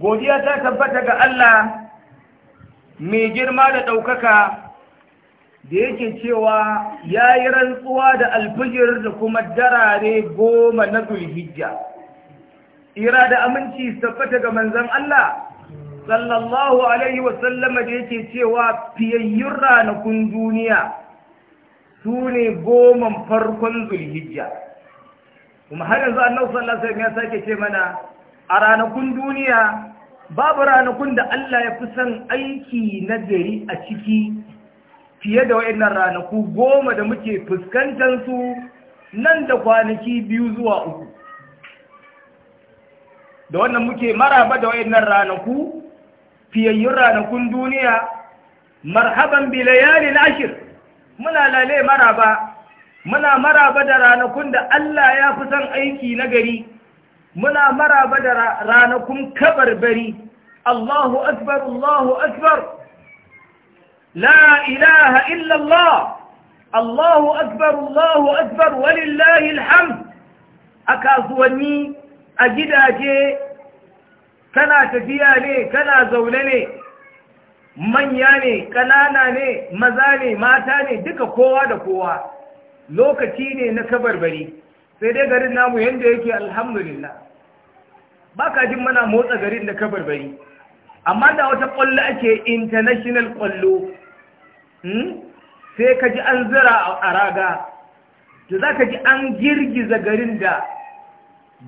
godiya ta tabbata ga Allah mai girma da ɗaukaka da yake cewa ya yi rantsuwa da alfijir da kuma darare goma na zulhijja ira da aminci tabbata ga manzan Allah sallallahu alaihi wasallama da yake cewa fiyayyun ranakun duniya su ne goman farkon zulhijja kuma har yanzu annabi sallallahu alaihi ya sake ce mana a ranakun duniya babu ranakun da Allah ya fi son aiki na gari a ciki fiye da waɗannan ranaku goma da muke fuskantar su nan da kwanaki biyu zuwa uku da wannan muke maraba da waɗannan ranaku fiyayyun ranakun duniya marhaban na ashir muna lalai maraba muna maraba da ranakun da Allah ya fi son aiki na gari muna maraba da ranakun kabarbari Allahu akbar Allahu akbar la ilaha illallah Allahu akbar Allahu akbar walillahi alhamd a kasuwanni a gidaje kana tafiya ne kana zaune ne manya ne ƙanana ne maza ne mata ne duka kowa da kowa lokaci ne na kabarbari sai dai garin namu yadda yake alhamdulillah ba ka jin mana motsa garin da ka barbari amma da wata ƙwallo ake international ƙwallo hmm? sai ka ji an zira a raga da za ka ji an girgiza garin da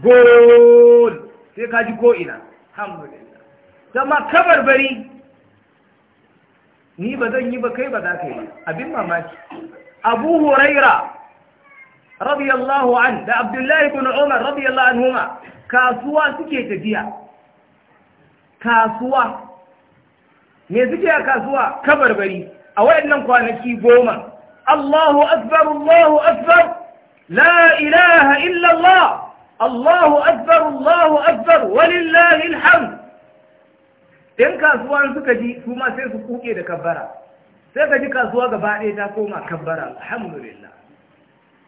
gol sai ka ji ko'ina alhamdulillah zama ka barbari ni ba zan yi ba kai ba za ka yi abin mamaki abu huraira radiyallahu an da abdullahi ibn umar radiyallahu anhuma kasuwa suke tafiya kasuwa me suke a kasuwa kabarbari a wayannan kwanaki goma Allahu akbar Allahu akbar la ilaha illa Allah Allahu akbar Allahu akbar walillahi alhamd in kasuwa suka ji kuma sai su kuke da kabbara sai ka ji kasuwa gaba ɗaya ta koma kabbara alhamdulillah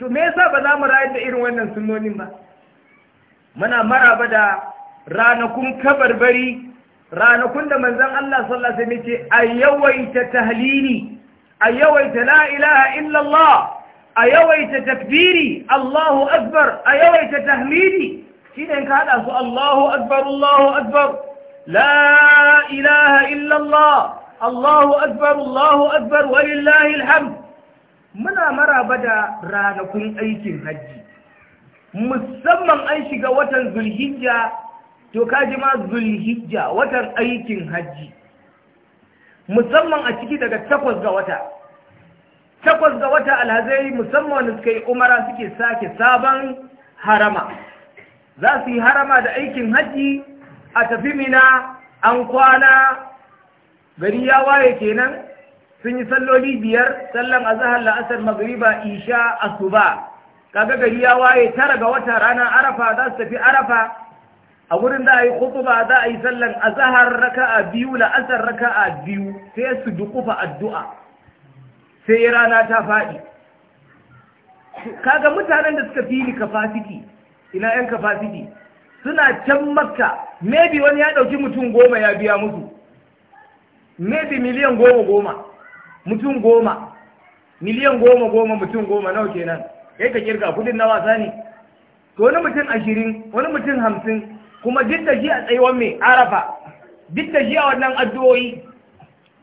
to me yasa ba za mu rayar da irin wannan sunonin ba muna maraba da ranakun kabarbari ranakun da manzon Allah sallallahu alaihi wasallam ce a yawaita tahlili a yawaita la ilaha illallah a yawaita takbiri Allahu akbar a yawaita tahmidi shine ka hada su Allahu akbar Allahu akbar la ilaha illallah Allahu akbar Allahu akbar walillahi alhamd muna maraba da ranakun aikin hajji musamman an shiga watan zulhijja to kaji ma zulhijja watan aikin hajji musamman a ciki daga takwas ga wata takwas ga wata alhazai musamman suka yi umara suke sake sabon harama za su yi harama da aikin hajji a tafi mina an kwana gari ya waye kenan sun yi salloli biyar sallan azahar la'asar magriba isha asuba kaga gari ya waye tara ga wata rana arafa za su tafi arafa a wurin da a yi kutuba za a yi sallan azahar raka'a biyu la'asar raka'a biyu sai su dukufa addu'a sai rana ta faɗi kaga mutanen da suka fili kafasiti ina yan kafasiti suna can makka maybe wani ya ɗauki mutum goma ya biya musu maybe miliyan goma goma mutum goma miliyan goma goma mutum goma nawa kenan kai ka kirga kudin na wasa ne to wani mutum ashirin wani mutum hamsin kuma duk da shi a tsayuwar mai arafa duk da shi a wannan addu'o'i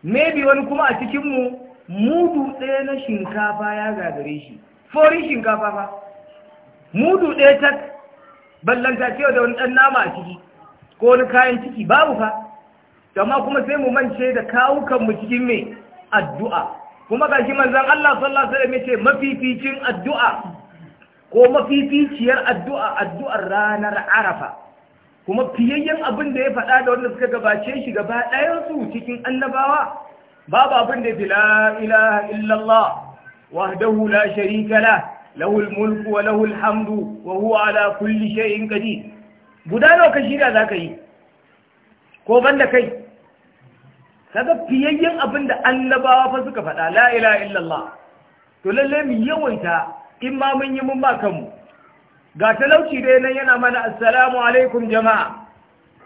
maybe wani kuma a cikinmu mudu ɗaya na shinkafa ya gagare shi forin shinkafa fa mudu ɗaya ta ballanta cewa da wani ɗan nama a ciki ko wani kayan ciki babu fa amma kuma sai mu mance da kawukanmu cikin mai addu'a kuma shi manzon Allah sallallahu alaihi wasallam mafificin addu'a ko mafificiyar addu'a addu'ar ranar Arafa kuma fiyayyen abin da ya faɗa da wanda suka gabace shi gaba ɗayan cikin annabawa babu abin da la ilaha illallah wahdahu la sharika la lahul mulku wa lahul hamdu wa huwa ala kulli shay'in qadir guda nawa ka shirya zaka yi ko banda kai kaga fiyayyen abin da annabawa fa suka faɗa la ilaha illallah to lalle mu yawaita in ma mun yi mun ba kanmu ga talauci dai nan yana mana assalamu alaikum jama'a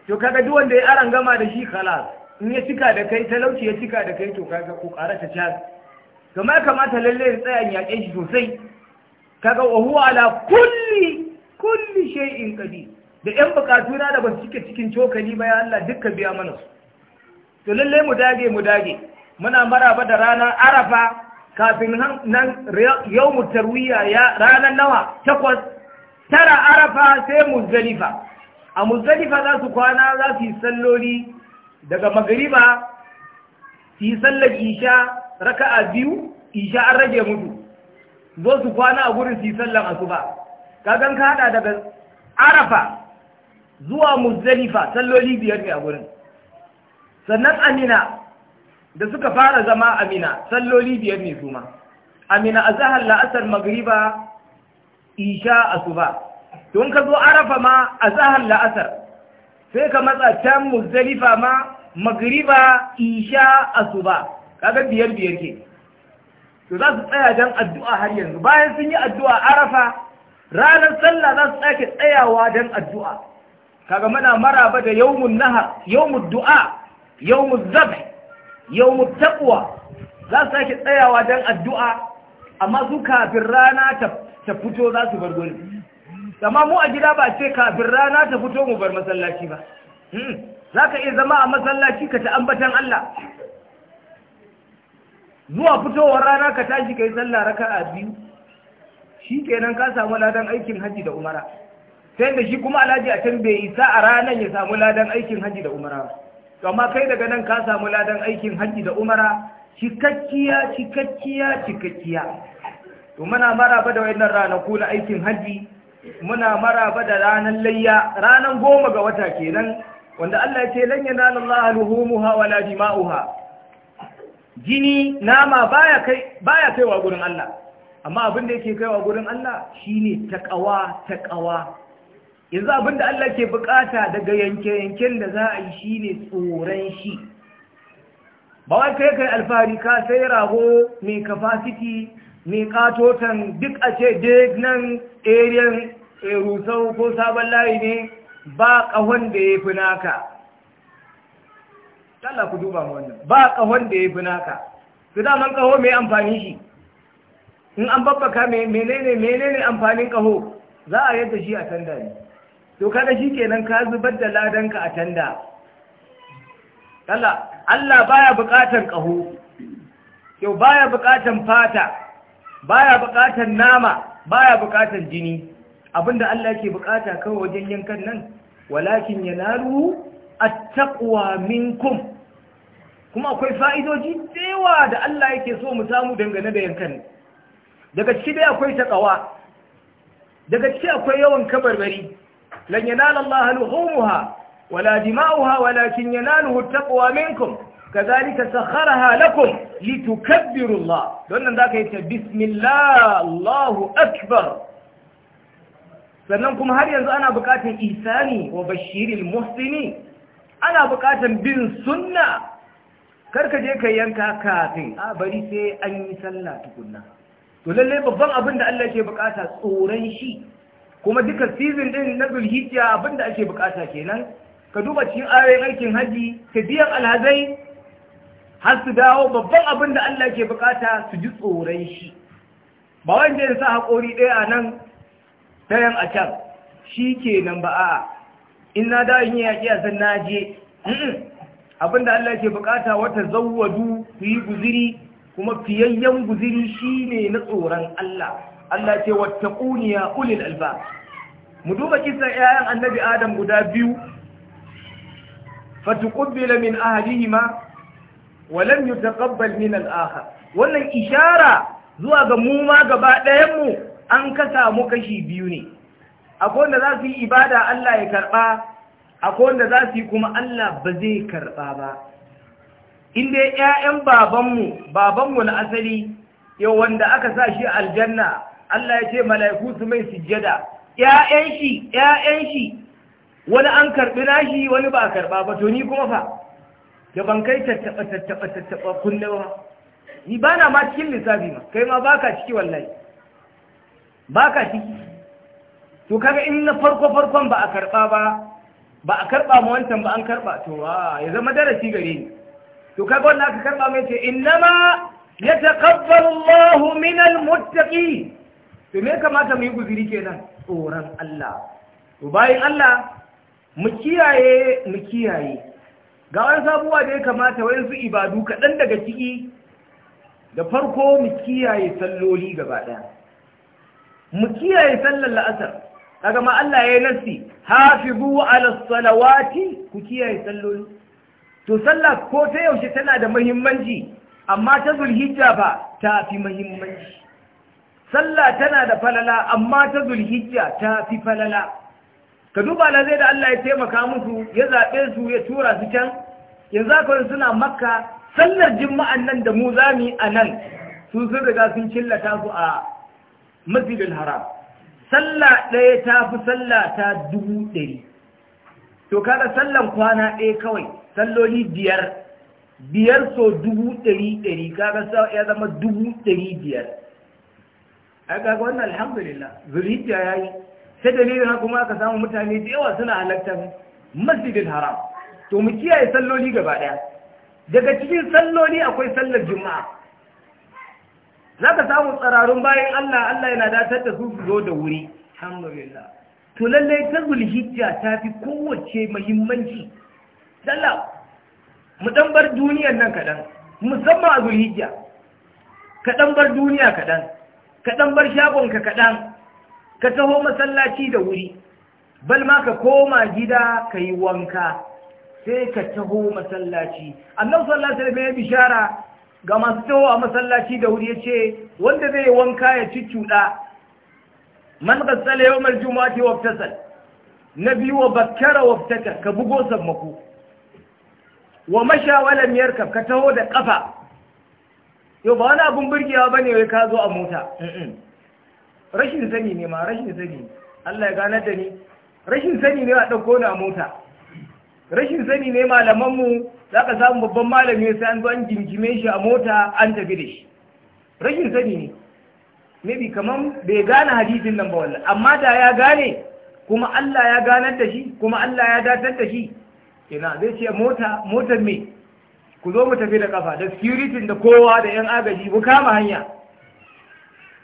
to kaga duk wanda ya aran gama da shi khalas in ya cika da kai talauci ya cika da kai to kaga ko ƙara ta kamar kamata lalle ya tsaya yaƙe shi sosai kaga wa huwa ala kulli kulli shay'in qadir da yan bukatuna da ba cike cikin cokali ba ya Allah dukkan biya mana su to lalle mu dage mu dage muna maraba da rana arafa kafin nan yawmut tarwiya ya ranar nawa takwas tara arafa sai zalifa a zalifa za su kwana za su yi salloli daga magariba su yi sallar isha a biyu isha an rage mutu zo su kwana a gurin su yi sallar asuba kagan ka daga arafa zuwa zalifa salloli biyar ne a gurin sannan amina da suka fara zama amina salloli biyar ne su amina a zahar la'asar magriba isha asuba don ka zo arafa ma a zahar la'asar sai ka matsa can muzdalifa ma magriba isha asuba kaga biyar biyar ke to za su tsaya don addu'a har yanzu bayan sun yi addu'a arafa ranar sallah za su sake tsayawa don addu'a kaga mana maraba da yawmun nahar yawmun du'a Yau zabi, yau mu taɓuwa, za su sake tsayawa dan addu'a amma su kafin rana ta fito za su bar gurin amma mu a gida ba ce kafin rana ta fito mu bar masallaci ba hmm, za ka iya zama a masallaci ka ta ambatan Allah zuwa fitowar rana ka tashi ka yi sallah raka a biyu shi kenan ka samu ladan aikin haji da umara sai da shi kuma alhaji a can bai isa a ranar ya samu ladan aikin haji da umara to amma kai daga nan ka samu ladan aikin haji da umara cikakkiya cikakkiya cikakkiya to muna maraba da wayannan ranaku na aikin haji muna maraba da ranan layya ranan goma ga wata kenan wanda Allah ya ce lan yanala Allah luhumuha wala dima'uha jini nama baya kai baya kaiwa gurin Allah amma abin da yake kaiwa gurin Allah shine taqwa taqwa yanzu abin da Allah ke bukata daga yanke-yanken da za a yi shi ne tsoron shi ba wai kai kai alfahari ka sai rago mai kafasiti mai katotan duk a ce duk nan ariyan eh, rusau ko sabon layi ne ba kahon da ya fi naka tala ku duba wannan ba kahon da ya fi naka su daman kaho mai amfani shi in an babbaka menene menene amfanin kaho za a yadda shi a tanda ne to kada shi kenan ka zubar da ladanka a tanda Allah baya bukatan ƙaho yau baya bukatan fata baya bukatan nama baya bukatan jini abinda Allah ke bukata kawai wajen yankan nan walakin yanalu at minkum kuma akwai fa'idoji tsewa da Allah yake so mu samu dangane da yankan daga ciki akwai taqwa daga ciki akwai yawan kabarbari lan yanala Allah luhumuha wala dima'uha walakin yanaluhu at-taqwa minkum kazalika sakharaha lakum litukabbiru Allah don zaka yi ta bismillah Allahu akbar sannan kuma har yanzu ana bukatun isani wa bashiril muhsini ana bukatun bin sunna karka je ka yanka kafin a bari sai anyi sallah tukunna to lalle babban abin da Allah ke bukata tsoron shi kuma duka season din na zulhijiya abinda ake bukata kenan ka duba cikin ayoyin aikin haji biyan alhazai har su dawo babban abinda Allah ke bukata su ji tsoron shi ba wanda ya sa haƙori ɗaya a nan ɗayan a can shi ke nan ba a in na dawo yin yaƙi a san naje abin da Allah ke bukata wata zawwadu su yi guziri kuma fiyayyen guziri shi ne na tsoron Allah Allah ce wattaquni ya ulil albab mu duba kisan 'ya'yan annabi adam guda biyu fatuqbila min ahadihima wa lam yutaqabbal min al-akhar wannan ishara zuwa ga mu ma gaba ɗayan mu an kasa mu kashi biyu ne akwai wanda za su yi ibada Allah ya karba akwai wanda za su yi kuma Allah ba zai karba ba inda yayan babanmu babanmu na asali yau wanda aka sa shi aljanna Allah ya ce mala'iku su mai sujjada ƴaƴan shi ƴaƴan shi wani an karɓi nashi wani ba a karɓa ba to ni kuma fa da ban kai tattaɓa tattaɓa tattaɓa kunne ba ni ba na ma cikin lissafi ma kai ma baka ciki wallahi baka ciki to kaga in na farko farkon ba a karɓa ba ba a karɓa ma wancan ba an karɓa to wa ya zama darasi gare ni to kaga wannan aka karɓa mai ce innama yataqabbalu Allahu minal muttaqin to me kamata mu yi guziri kenan tsoron Allah to bayan Allah mu kiyaye mu kiyaye ga wani sabuwa da ya kamata su ibadu kaɗan daga ciki da farko mu kiyaye salloli gaba ɗaya mu kiyaye sallar la'asar daga ma Allah ya yi nasi hafizu ala salawati ku kiyaye salloli to sallar ko ta yaushe tana da mahimmanci, amma ta zulhijja ba ta fi mahimmanci. sallah tana da falala amma ta zulhijja ta fi falala ka duba la zai da Allah ya taimaka musu ya zaɓe su ya tura su can yanzu aka suna makka sallar jima'an nan da mu za mu a nan su sun riga sun cillata su a masjidil haram sallah ɗaya ta fi sallah ta dubu ɗari to kada sallan kwana ɗaya kawai salloli biyar biyar so dubu ɗari ɗari kaga ya zama dubu ɗari biyar ai kaga wannan alhamdulillah zulhijja yi sai dalilin kuma aka samu mutane da yawa suna halartar masjidil haram to mu kiyaye salloli gaba daya daga cikin salloli akwai sallar juma'a Za ka samu tsararun bayan Allah Allah yana datar da su su zo da wuri alhamdulillah to lalle ta zulhijja ta fi kowace muhimmanci sallah mu dan bar duniyar nan kaɗan. musamman a zulhijja ka dan bar duniya kaɗan. ka ɗan bar shagonka kaɗan ka taho masallaci da wuri bal ma ka koma gida ka yi wanka sai ka taho masallaci annan sallallahu mai ya bishara ga masu taho a masallaci da wuri ya ce wanda zai yi wanka ya ci cuɗa man gassala yau mal juma'ati wa tasal na biyu wa bakkara wa ka bugo sammako wa mashawalar miyarka ka taho da ƙafa. yau ba wani abin burgewa ba ne wai ka zo a mota rashin sani ne ma rashin sani Allah ya ganar da ni rashin sani ne a ɗauko ni a mota rashin sani ne malamanmu za ka samu babban malami sai an zo an gingime shi a mota an tafi da shi rashin sani ne maybe kamar bai gane hadisin nan ba wallahi amma da ya gane kuma Allah ya ganar da shi kuma Allah ya datar da shi ina zai ce mota motar me ku zo mu tafi da kafa da security da kowa da yan agaji mu kama hanya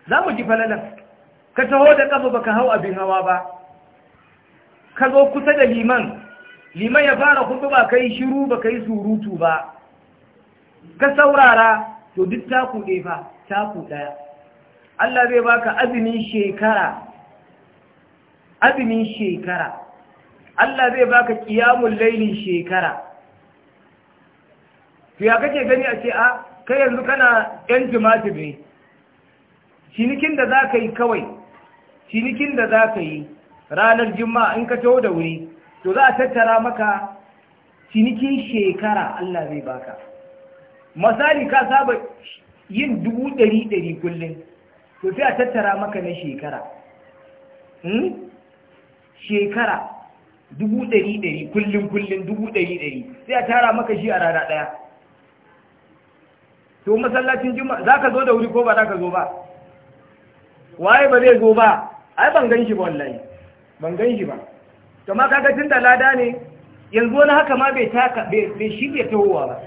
za mu ji falalan ka taho da kafa baka hau abin hawa ba ka zo kusa da liman liman ya fara kuma ba kai shiru ba yi surutu ba ka saurara to duk taku ɗaya fa taku ɗaya Allah zai baka azumin shekara azumin shekara Allah zai baka ƙiyamun lailin shekara to ya kake gani a ce a kai yanzu kana yan tumatir ne cinikin da za ka yi kawai cinikin da za ka yi ranar juma'a in ka taho da wuri to za a tattara maka cinikin shekara Allah zai baka misali ka saba yin dubu ɗari ɗari kullum to sai a tattara maka na shekara hmm? shekara dubu ɗari ɗari kullum kullum dubu ɗari ɗari sai a tara maka shi a rana ɗaya to masallacin juma'a za ka zo da wuri ko ba za ka zo ba waye ba zai zo ba ai ban ganshi ba wallahi ban ba to ma kaga tun da lada ne yanzu wani haka ma bai taka bai shirya tahowa ba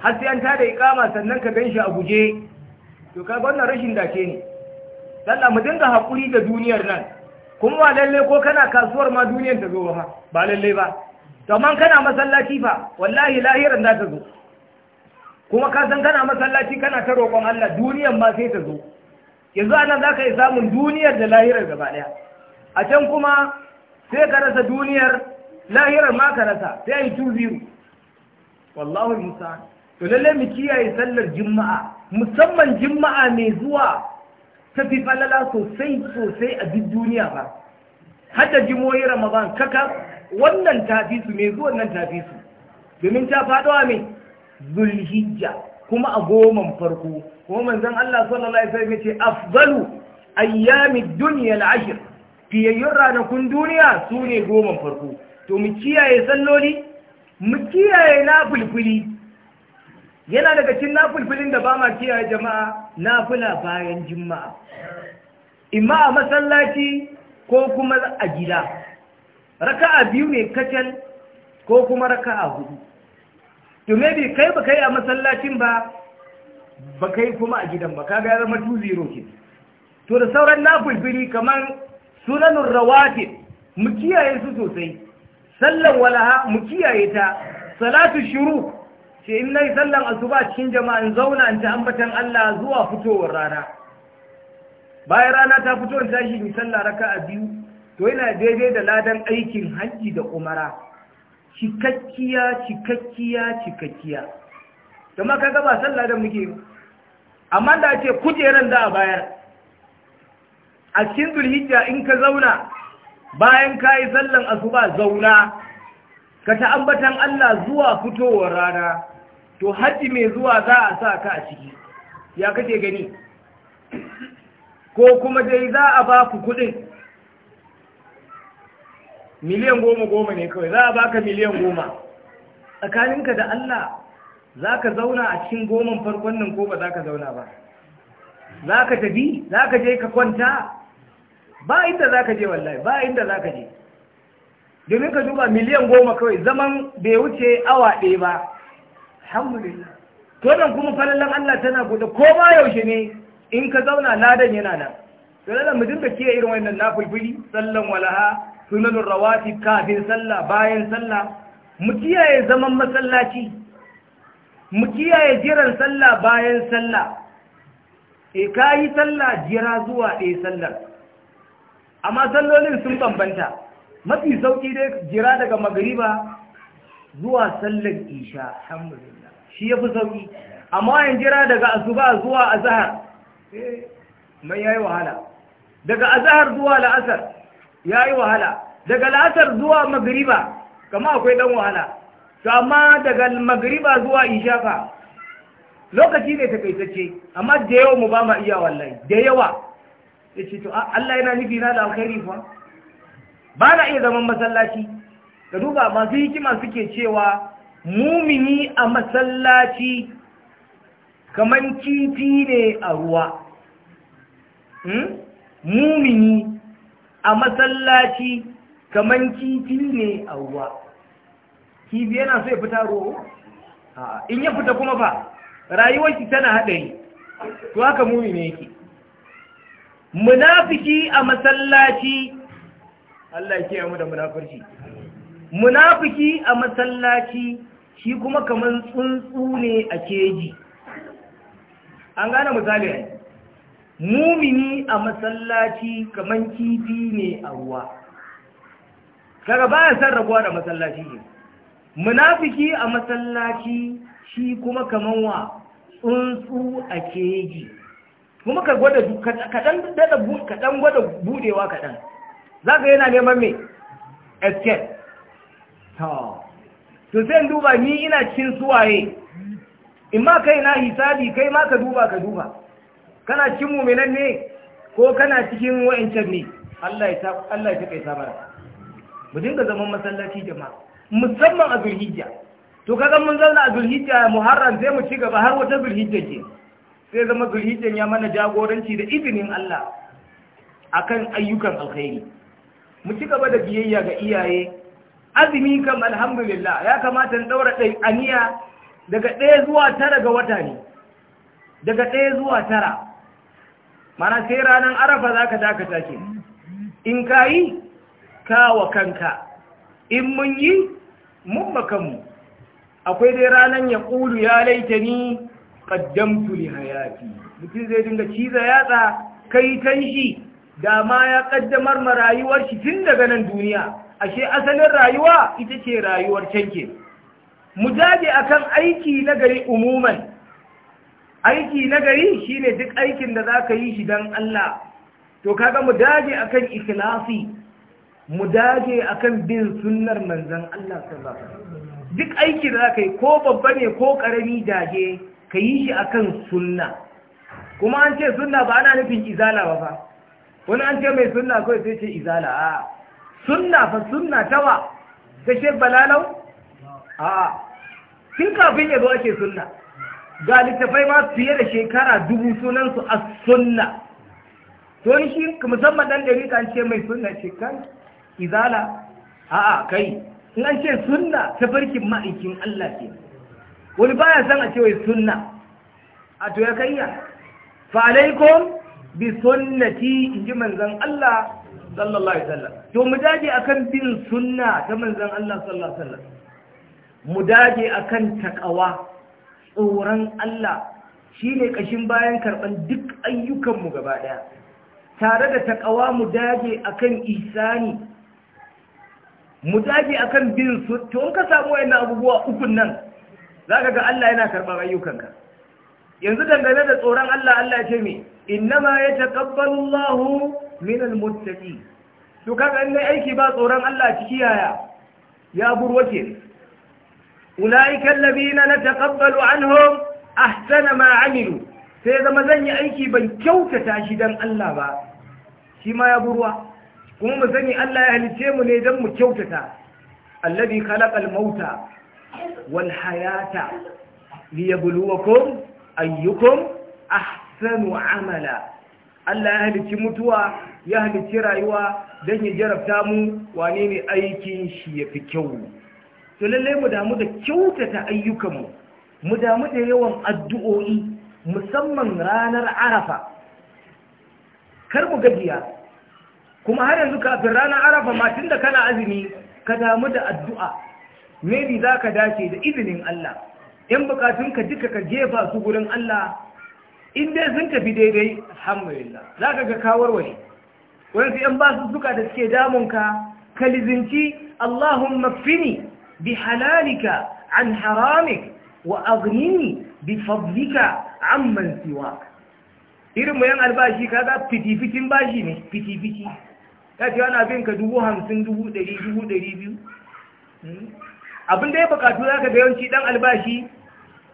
har sai an tada ikama sannan ka ganshi a guje to kaga wannan rashin dace ne sallah mu dinga hakuri da duniyar nan kuma ba lalle ko kana kasuwar ma duniyar ta zo ba ba lalle ba to man kana masallaci fa wallahi lahiran za ta zo kuma ka san kana masallaci kana ta roƙon Allah duniyar ba sai ta zo yanzu anan za ka yi samun duniyar da lahirar gaba daya a can kuma sai ka rasa duniyar lahirar ma ka rasa sai a yi tu biyu wallahu musa to lallai mu kiyaye sallar juma'a musamman juma'a mai zuwa ta fi falala sosai sosai a duk duniya ba hadda jimoyi ramadan kaka wannan tafi su mai zuwa nan tafi su domin ta faɗo a mai zulhijja kuma a goman farko kuma manzon Allah sallallahu alaihi wasallam yace afdalu ayyami dunya al-ashr ranakun duniya su ne goman farko to mu kiyaye salloli mu kiyaye nafulfuli yana daga cikin nafulfulin da ba ma kiyaye jama'a na nafula bayan juma'a imma a masallaci ko kuma a gida raka'a biyu ne kacal ko kuma raka'a hudu to maybe kai ba kai a masallacin ba ba kai kuma a gidan ba kaga ya zama 2 to da sauran nafulfili kamar sunanur rawatib mu kiyaye su sosai sallan walaha mu kiyaye ta salatu shuru ce in nayi sallan asuba cikin jama'a in zauna in ta ambatan Allah zuwa fitowar rana bayan rana ta fito in tashi in sallah raka'a biyu to yana daidai da ladan aikin hajji da umara cikakkiya cikakkiya cikakkiya kuma kaga ba sallah da muke amma da ce kujeran da a bayar a cikin zulhijja in ka zauna bayan ka yi sallan asuba zauna ka ta ambatan Allah zuwa fitowar rana to hajji mai zuwa za a sa ka a ciki ya kake gani ko kuma dai za a ba ku kudin miliyan goma goma ne kawai za a baka miliyan goma tsakaninka da Allah za ka zauna a cikin goman farkon nan ko ba za ka zauna ba za ka tafi za ka je ka kwanta ba inda za ka je wallahi ba inda za ka je domin ka duba miliyan goma kawai zaman bai wuce awa ɗaya ba alhamdulillah to nan kuma falallan Allah tana buɗe ko ba yaushe ne in ka zauna ladan yana nan to lalle mu dinga kiyaye irin wannan nafulfuli sallan walaha sunanin rawatib kafin sallah bayan sallah mu kiyaye zaman masallaci mu kiyaye jiran sallah bayan sallah e yi sallah jira zuwa ɗaya sallar amma sallolin sun bambanta mafi sauƙi dai jira daga magariba zuwa sallar isha alhamdulillah shi yafi sauƙi amma yin jira daga asuba zuwa azhar eh mai yayi wahala daga azhar zuwa la'asar ya yi wahala daga latar zuwa magriba kama akwai ɗan wahala to amma daga magriba zuwa ishafa lokaci ne ta takaitacce amma da yawa mu ba ma iya wallahi da yawa ya ce to Allah yana nufi na da alkhairi fa ba na iya zaman masallaci ka duba masu hikima suke cewa mumini a masallaci kamar kifi ne a ruwa hmm? mumini a masallaci kaman kifi ne a ruwa kifi yana so ya fita ruwa in ya fita kuma fa rayuwarki tana haɗari to haka muni ne yake munafiki a masallaci Allah ke yamu da munafurci munafiki a masallaci shi kuma kaman tsuntsu ne a keji an gane misali ne mumini a masallaci kaman kifi ne a ruwa kaga baya san rabuwa da masallaci ne munafiki a masallaci shi kuma kaman wa tsuntsu a keji kuma ka gwada kaɗan kaɗan gwada budewa kaɗan za ka yana neman mai escape to sai duba ni ina cin suwaye in ma kai na hisabi kai ma ka duba ka duba kana cikin mu'minan ne ko kana cikin wa'ancan ne Allah ya ta Allah ya kai sabara mu dinga zaman masallaci jama'a musamman a zulhijja to kaga mun zauna a zulhijja muharram sai mu ci gaba har wata zulhijja ce sai zama zulhijjan ya mana jagoranci da izinin Allah akan ayyukan alkhairi mu ci gaba da biyayya ga iyaye azumi kam alhamdulillah ya kamata in daura dai aniya daga ɗaya zuwa tara ga wata ne daga ɗaya zuwa tara mana sai ranar arafa za ka dakata ke in ka yi kawa kanka in mun yi mun makamu akwai dai ranar ya ƙulu ya laita ni ƙaddamtu li hayati mutum zai dinga ciza yatsa kai kan shi da ya ƙaddamar ma rayuwar shi tun daga nan duniya ashe asalin rayuwa ita ce rayuwar canke mu jaje akan aiki na gari umuman aiki na gari shine duk aikin da za ka yi shi don Allah to kaga mu dage akan ikhlasi mu dage akan bin sunnar manzon Allah sallallahu alaihi duk aiki da zaka yi ko babba ne ko karami dage ka yi shi akan sunna kuma an ce sunna ba ana nufin izala ba fa wani an ce mai sunna kawai sai ce izala a sunna fa sunna tawa ta shek balalau a Kin kafin ya zo ake sunna ga littafai ma fiye da shekara dubu sunansu a sunna to ni shi musamman dan dari kan ce mai sunna ce kan izala a'a kai in an ce sunna ta farkin ma'aikin Allah ke wani baya san a ce wai sunna a to ya kayya fa alaikum bi sunnati inji manzon Allah sallallahu alaihi wasallam to mu dage akan bin sunna ta manzon Allah sallallahu alaihi wasallam mu dage akan takawa tsoron Allah shi ne ƙashin bayan karɓar duk ayyukanmu gaba ɗaya tare da taƙawa mu dage akan isani mu dage akan bin su to in ka samu wayannan abubuwa ukun nan ka ga Allah yana karɓar ayyukanka yanzu dangane da tsoron Allah Allah ce me innama yataqabbalu Allahu min almuttaqin to kaga in aiki ba tsoron Allah ciki yaya ya burwace أولئك الذين نتقبل عنهم أحسن ما عملوا سيدا مزني أيكي بن كوكة شدن الله با شما يبروا كما مزني الله أهل تيمو نيدم كوكة الذي خلق الموت والحياة ليبلوكم أيكم أحسن عملا Allah ya halicci mutuwa ya halicci rayuwa don ya jarabta mu wane ne aikin shi ya fi kyau to lallai mu damu da kyautata ayyukanmu mu damu da yawan addu'o'i musamman ranar arafa kar mu gajiya kuma har yanzu kafin ranar arafa ma tunda kana azumi ka damu da addu'a maybe za ka dace da izinin Allah ‘yan ka duka ka jefa su gurin Allah in dai sun tafi daidai alhamdulillah za ka ga kawar wani su ‘yan basu suka da suke damunka ka lizinci Allahumma fini بحلالك عن حرامك وأغنني بفضلك عمن سواك irin yan albashi kaga fitifitin bashi ne fitifiti ya ce ana bin ka dubu hamsin dubu ɗari dubu ɗari biyu abin da ya bukatu za ka yawanci ɗan albashi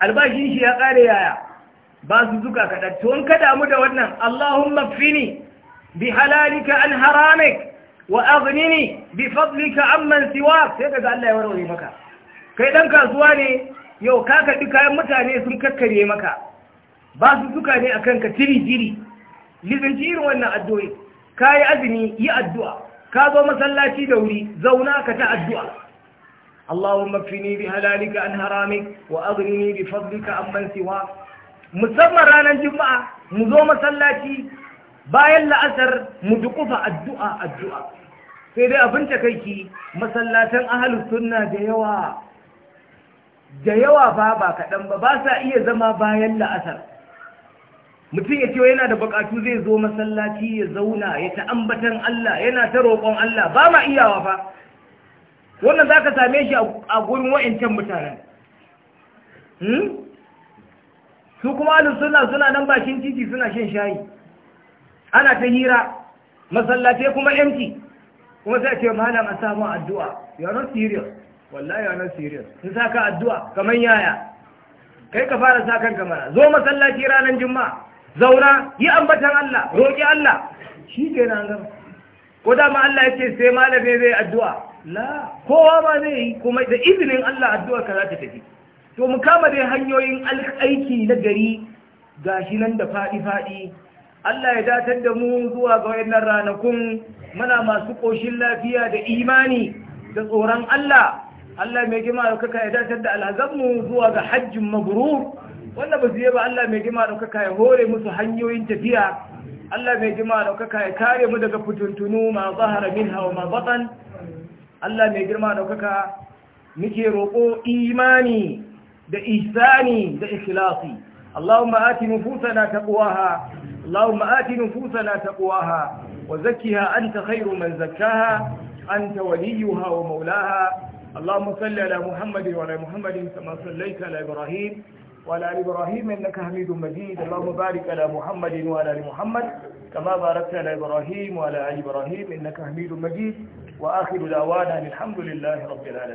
albashin shi ya kare yaya Basu su zuka kaɗa tuwon ka damu da wannan allahun mafini bi halalika an haramik wa abinini bi fadlika amman siwak sai kaga Allah ya warware maka kai dan kasuwa ne yau ka kaɗi kayan mutane sun kakkare maka ba su suka ne akan ka tiri jiri lizinci irin wannan addu'o'i ka yi azumi yi addu'a ka zo masallaci da wuri zauna ka ta addu'a Allahumma fini bi halalika an haramik wa abinini bi fadlika amman siwak musamman ranar juma'a mu zo masallaci bayan la'asar mu dukufa addu'a addu'a sai dai abin takaici masallatan ahalus sunna da yawa da yawa ba ba kaɗan ba ba sa iya zama bayan la'asar mutum ya ce yana da bukatu zai zo masallaci ya zauna ya ta'ambatan Allah yana ta roƙon Allah ba ma iyawa fa wannan za ka same shi a gurin wa'incan mutanen hmm? su kuma ahalus sunna suna nan bakin titi suna shan shayi ana ta hira masallace kuma empty kuma sai ce malam an samu addu'a you are not serious wallahi you are not serious sun saka addu'a kamar yaya kai ka fara sa kanka mana zo masallaci ranar juma'a zauna yi ambatan Allah roki Allah shi ke nan gaba ko da ma Allah yake sai malame zai addu'a la kowa ma zai yi kuma da izinin Allah addu'a ka za ta tafi to mu kama dai hanyoyin aiki na gari gashi nan da faɗi-faɗi Allah ya datar da mu zuwa ga wayannan ranakun muna masu koshin lafiya da imani da tsoron Allah Allah mai gima daukaka ya datar da alhazanmu zuwa ga hajjin mabrur wanda ba su yi ba Allah mai gima daukaka ya hore musu hanyoyin tafiya Allah mai gima daukaka ya kare mu daga fituntunu ma zahara minha wa ma batan Allah mai girma daukaka muke roƙo imani da ihsani da ikhlasi اللهم آت نفوسنا تقواها اللهم آت نفوسنا تقواها وزكها أنت خير من زكاها أنت وليها ومولاها اللهم صل على محمد وعلى محمد كما صليت على إبراهيم وعلى آل إبراهيم إنك حميد مجيد اللهم بارك على محمد وعلى آل محمد كما باركت على إبراهيم وعلى آل إبراهيم إنك حميد مجيد وآخر دعوانا الحمد لله رب العالمين